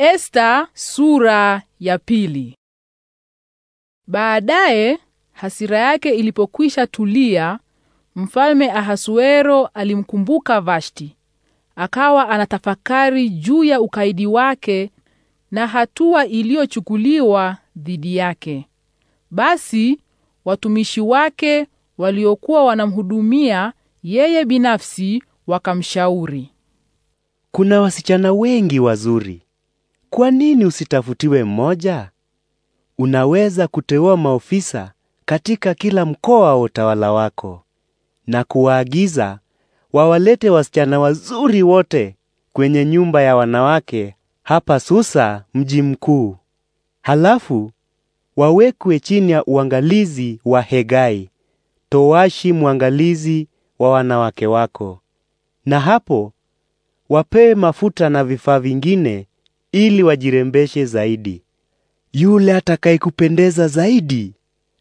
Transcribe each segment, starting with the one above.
Esta sura ya pili. Baadaye hasira yake ilipokwisha tulia, mfalme Ahasuero alimkumbuka Vashti, akawa anatafakari juu ya ukaidi wake na hatua iliyochukuliwa dhidi yake. Basi watumishi wake waliokuwa wanamhudumia yeye binafsi wakamshauri, kuna wasichana wengi wazuri kwa nini usitafutiwe mmoja? Unaweza kuteua maofisa katika kila mkoa wa utawala wako na kuwaagiza wawalete wasichana wazuri wote kwenye nyumba ya wanawake hapa Susa, mji mkuu. Halafu wawekwe chini ya uangalizi wa Hegai, towashi mwangalizi wa wanawake wako. Na hapo wapewe mafuta na vifaa vingine ili wajirembeshe zaidi. Yule atakayekupendeza zaidi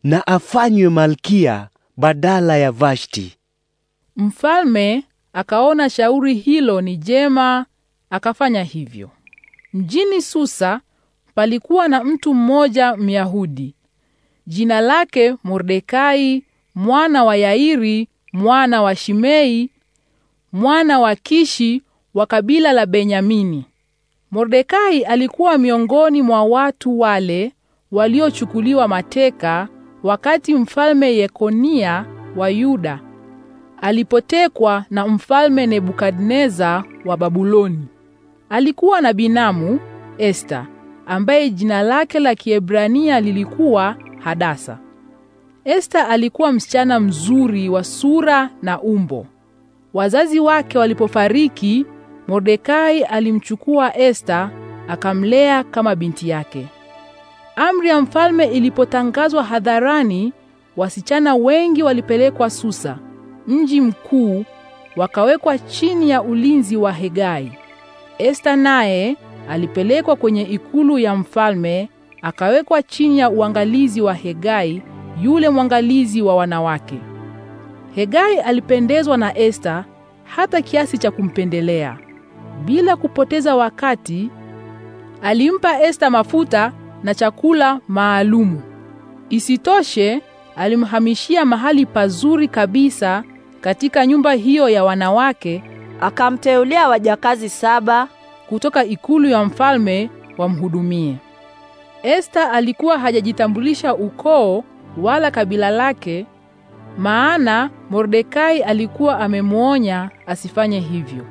na afanywe malkia badala ya Vashti. Mfalme akaona shauri hilo ni jema, akafanya hivyo. Mjini Susa palikuwa na mtu mmoja Myahudi, jina lake Mordekai, mwana wa Yairi, mwana wa Shimei, mwana wa Kishi wa kabila la Benyamini. Mordekai alikuwa miongoni mwa watu wale waliochukuliwa mateka wakati mfalme Yekonia wa Yuda alipotekwa na mfalme Nebukadneza wa Babuloni. Alikuwa na binamu Esta ambaye jina lake la Kiebrania lilikuwa Hadasa. Esta alikuwa msichana mzuri wa sura na umbo. Wazazi wake walipofariki Mordekai alimchukua Esta akamlea kama binti yake. Amri ya mfalme ilipotangazwa hadharani, wasichana wengi walipelekwa Susa, mji mkuu, wakawekwa chini ya ulinzi wa Hegai. Esta naye alipelekwa kwenye ikulu ya mfalme, akawekwa chini ya uangalizi wa Hegai, yule mwangalizi wa wanawake. Hegai alipendezwa na Esta hata kiasi cha kumpendelea. Bila kupoteza wakati, alimpa Esta mafuta na chakula maalumu. Isitoshe, alimhamishia mahali pazuri kabisa katika nyumba hiyo ya wanawake, akamteulia wajakazi saba kutoka ikulu ya mfalme wamhudumie. Esta alikuwa hajajitambulisha ukoo wala kabila lake, maana Mordekai alikuwa amemwonya asifanye hivyo.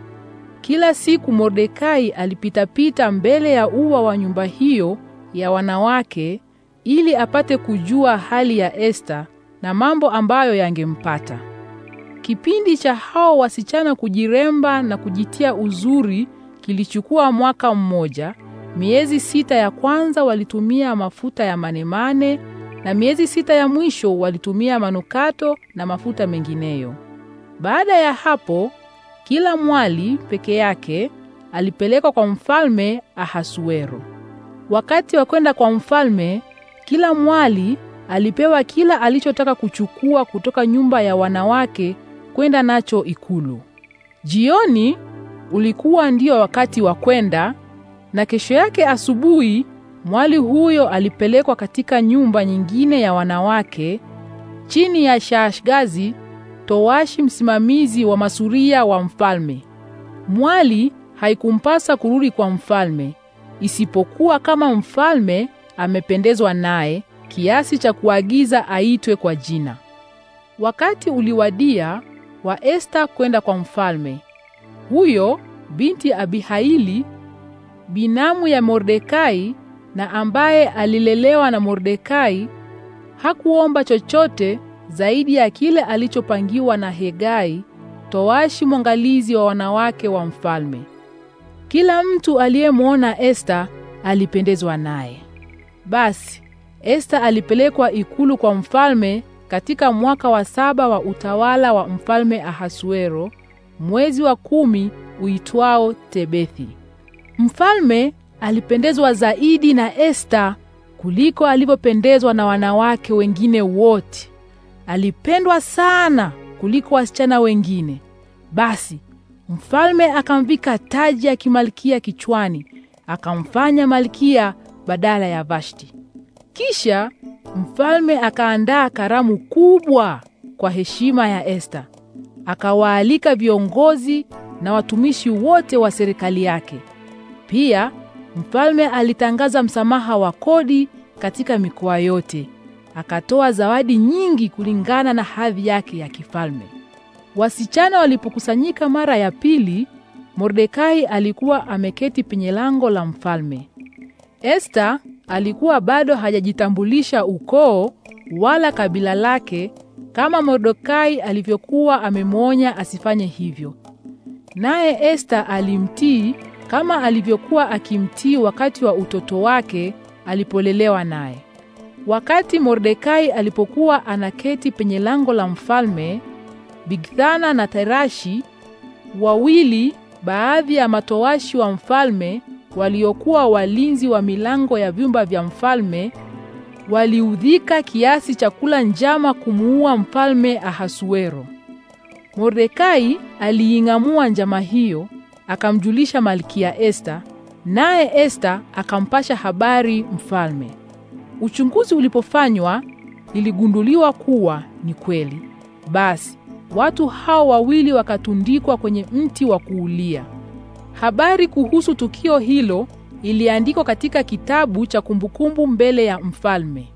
Kila siku Mordekai alipitapita mbele ya ua wa nyumba hiyo ya wanawake ili apate kujua hali ya Esta na mambo ambayo yangempata. Kipindi cha hao wasichana kujiremba na kujitia uzuri kilichukua mwaka mmoja. Miezi sita ya kwanza walitumia mafuta ya manemane na miezi sita ya mwisho walitumia manukato na mafuta mengineyo. Baada ya hapo kila mwali peke yake alipelekwa kwa mfalme Ahasuero. Wakati wa kwenda kwa mfalme, kila mwali alipewa kila alichotaka kuchukua kutoka nyumba ya wanawake kwenda nacho ikulu. Jioni ulikuwa ndio wakati wa kwenda, na kesho yake asubuhi mwali huyo alipelekwa katika nyumba nyingine ya wanawake chini ya shashgazi towashi msimamizi wa masuria wa mfalme. Mwali haikumpasa kurudi kwa mfalme, isipokuwa kama mfalme amependezwa naye kiasi cha kuagiza aitwe kwa jina. Wakati uliwadia wa Esta kwenda kwa mfalme. Huyo binti Abihaili, binamu ya Mordekai na ambaye alilelewa na Mordekai, hakuomba chochote zaidi ya kile alichopangiwa na Hegai, towashi mwangalizi wa wanawake wa mfalme. Kila mtu aliyemwona Esta alipendezwa naye. Basi Esta alipelekwa ikulu kwa mfalme katika mwaka wa saba wa utawala wa mfalme Ahasuero, mwezi wa kumi uitwao Tebethi. Mfalme alipendezwa zaidi na Esta kuliko alivyopendezwa na wanawake wengine wote. Alipendwa sana kuliko wasichana wengine. Basi mfalme akamvika taji ya kimalkia kichwani, akamfanya malkia badala ya Vashti. Kisha mfalme akaandaa karamu kubwa kwa heshima ya Esta. Akawaalika viongozi na watumishi wote wa serikali yake. Pia mfalme alitangaza msamaha wa kodi katika mikoa yote akatoa zawadi nyingi kulingana na hadhi yake ya kifalme. Wasichana walipokusanyika mara ya pili, Mordekai alikuwa ameketi penye lango la mfalme. Esta alikuwa bado hajajitambulisha ukoo wala kabila lake kama Mordekai alivyokuwa amemwonya asifanye hivyo. Naye Esta alimtii kama alivyokuwa akimtii wakati wa utoto wake alipolelewa naye. Wakati Mordekai alipokuwa anaketi penye lango la mfalme, Bigthana na Terashi, wawili baadhi ya matowashi wa mfalme waliokuwa walinzi wa milango ya vyumba vya mfalme, waliudhika kiasi cha kula njama kumuua mfalme Ahasuero. Mordekai aliing'amua njama hiyo, akamjulisha Malkia Esta, naye Esta akampasha habari mfalme. Uchunguzi ulipofanywa, liligunduliwa kuwa ni kweli. Basi watu hao wawili wakatundikwa kwenye mti wa kuulia. Habari kuhusu tukio hilo iliandikwa katika kitabu cha kumbukumbu mbele ya mfalme.